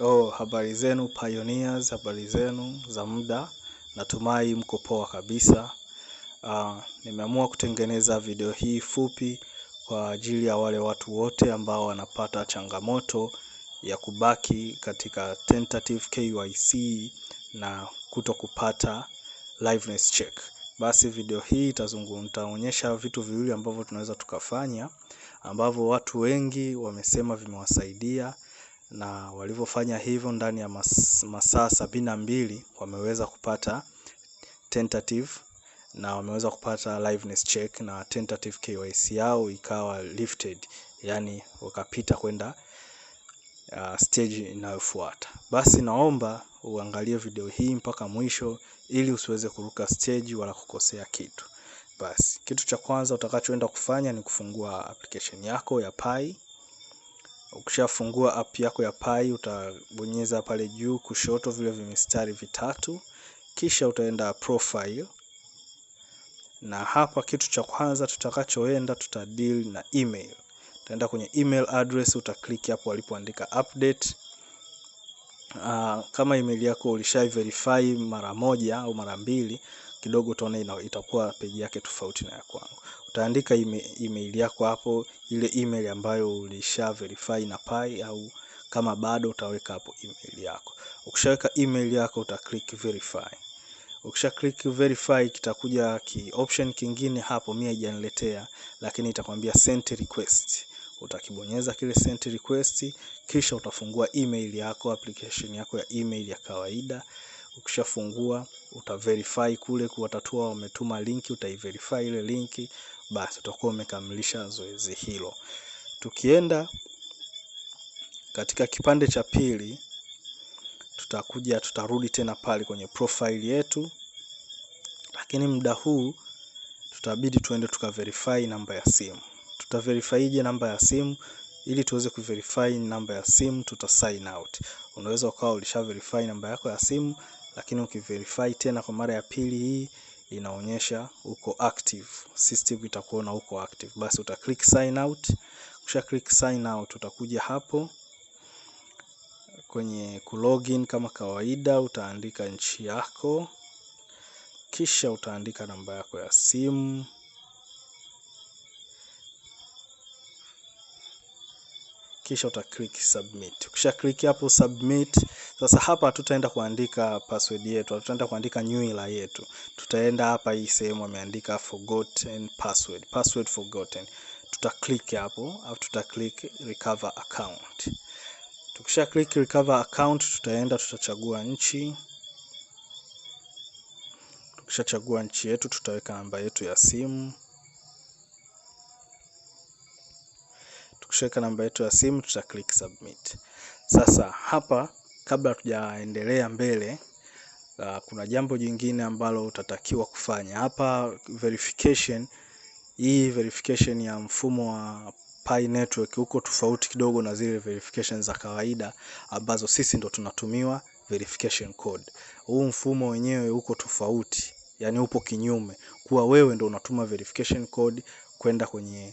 Oh, habari zenu pioneers, habari zenu za muda, natumai mko poa kabisa. Uh, nimeamua kutengeneza video hii fupi kwa ajili ya wale watu wote ambao wanapata changamoto ya kubaki katika tentative KYC na kuto kupata liveness check. Basi video hii nitaonyesha vitu viwili ambavyo tunaweza tukafanya ambavyo watu wengi wamesema vimewasaidia na walivyofanya hivyo ndani ya masaa sabini na mbili wameweza kupata tentative na wameweza kupata liveness check na tentative KYC yao ikawa lifted, yani wakapita kwenda uh, stage inayofuata. Basi naomba uangalie video hii mpaka mwisho ili usiweze kuruka stage wala kukosea kitu. Basi kitu cha kwanza utakachoenda kufanya ni kufungua application yako ya Pi Ukishafungua app yako ya Pi utabonyeza pale juu kushoto vile vimistari vitatu, kisha utaenda profile, na hapa kitu cha kwanza tutakachoenda tuta deal na email. Utaenda kwenye email address, utaklik hapo walipoandika update. Uh, kama email yako ulishai verify mara moja au mara mbili, kidogo utaona itakuwa peji yake tofauti na ya kwangu utaandika email yako hapo, ile email ambayo ulisha verify na Pi au kama bado utaweka hapo email yako. Ukishaweka email yako uta click verify. Ukisha click verify, kitakuja ki option kingine hapo, mimi haijaniletea, lakini itakwambia send request. Utakibonyeza kile send request, kisha utafungua email yako, application yako ya email ya kawaida. Ukishafungua uta verify kule, kuwatatua wametuma linki, utaiverify ile linki basi utakuwa umekamilisha zoezi hilo. Tukienda katika kipande cha pili, tutakuja tutarudi tena pale kwenye profile yetu, lakini muda huu tutabidi tuende tukaverify namba ya simu. Tutaverifyje namba ya simu? Ili tuweze kuverify namba ya simu, tuta sign out. Unaweza ukawa ulisha verify namba yako ya simu, lakini ukiverify tena kwa mara ya pili hii inaonyesha uko active, system itakuona uko active. Basi uta click sign out. Kisha click sign out, utakuja hapo kwenye kulogin kama kawaida, utaandika nchi yako, kisha utaandika namba yako ya simu. kisha uta click submit. Ukisha click hapo submit, sasa hapa tutaenda kuandika password yetu, tutaenda kuandika nywila yetu. Tutaenda hapa hii sehemu ameandika forgotten password, password forgotten. Tuta click hapo, au tuta click recover account. Tukisha click recover account, tutaenda tutachagua nchi. Tukishachagua nchi yetu tutaweka namba yetu ya simu. tukishaweka namba yetu ya simu tuta click submit. Sasa hapa kabla tujaendelea mbele uh, kuna jambo jingine ambalo utatakiwa kufanya hapa verification. Hii verification ya mfumo wa Pi Network huko tofauti kidogo na zile verification za kawaida ambazo sisi ndo tunatumiwa verification code. Huu mfumo wenyewe uko tofauti, yani upo kinyume, kuwa wewe ndo unatuma verification code kwenda kwenye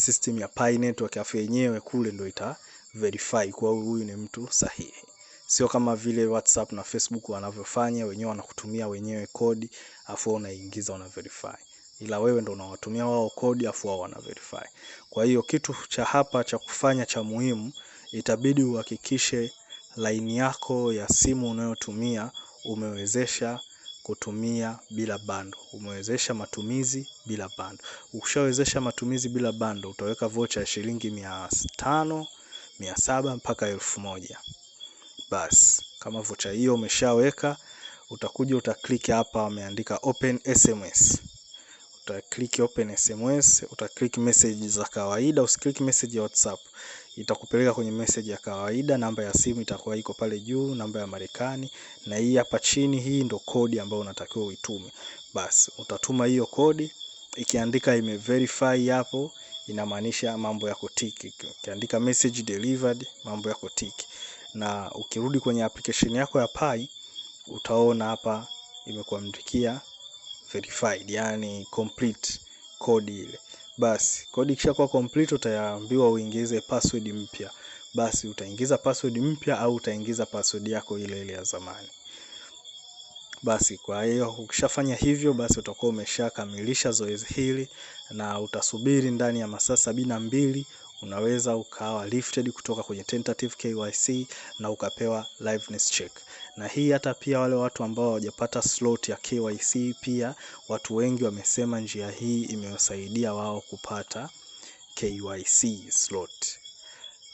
system ya Pi network afu yenyewe kule ndo ita verify kwa huyu ni mtu sahihi, sio kama vile WhatsApp na Facebook wanavyofanya wenyewe, wanakutumia wenyewe kodi afu unaingiza una verify, ila wewe ndo unawatumia wao kodi afu wao wana verify. Kwa hiyo kitu cha hapa cha kufanya cha muhimu, itabidi uhakikishe laini yako ya simu unayotumia umewezesha kutumia bila bando, umewezesha matumizi bila bando. Ukishawezesha matumizi bila bando, utaweka vocha ya shilingi mia tano, mia saba mpaka elfu moja. Basi kama vocha hiyo umeshaweka, utakuja utakliki hapa, wameandika open SMS utaklik open SMS, utaklik message za kawaida, usiklik message ya WhatsApp itakupeleka kwenye message ya kawaida. Namba ya simu itakuwa iko pale juu, namba ya Marekani, na hii hapa chini, hii ndo kodi ambayo unatakiwa uitume. Basi utatuma hiyo kodi, ikiandika ime verify hapo inamaanisha mambo yako tiki. Ukiandika message delivered, mambo yako tiki, na ukirudi kwenye application yako ya Pi utaona hapa imekuandikia verified, yani complete kodi ile. Basi kodi ikishakuwa complete, utaambiwa uingize password mpya. Basi utaingiza password mpya au utaingiza password yako ile ile ya zamani. Basi kwa hiyo ukishafanya hivyo, basi utakuwa umeshakamilisha zoezi hili na utasubiri ndani ya masaa sabini na mbili unaweza ukawa lifted kutoka kwenye tentative KYC na ukapewa liveness check na hii hata pia wale watu ambao hawajapata slot ya KYC pia watu wengi wamesema njia hii imewasaidia wao kupata KYC slot.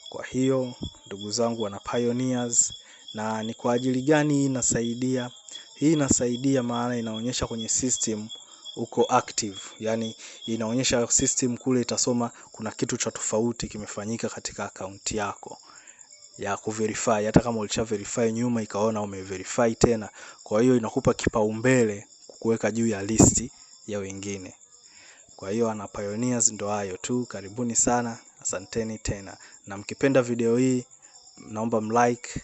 Kwa hiyo ndugu zangu wana pioneers, na ni kwa ajili gani hii inasaidia? Hii inasaidia maana inaonyesha kwenye system uko active, yani inaonyesha system kule itasoma kuna kitu cha tofauti kimefanyika katika akaunti yako ya kuverify, hata kama ulisha verify nyuma ikaona umeverify tena. Kwa hiyo inakupa kipaumbele kuweka juu ya listi ya wengine. Kwa hiyo ana pioneers ndo hayo tu, karibuni sana, asanteni tena, na mkipenda video hii naomba mlike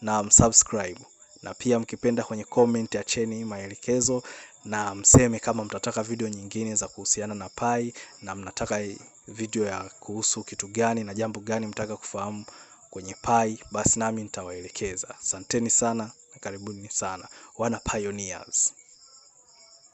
na msubscribe, na pia mkipenda kwenye comment acheni maelekezo na mseme kama mtataka video nyingine za kuhusiana na Pai, na mnataka video ya kuhusu kitu gani na jambo gani mtaka kufahamu kwenye pai, basi nami nitawaelekeza. Asanteni sana na karibuni sana wana pioneers.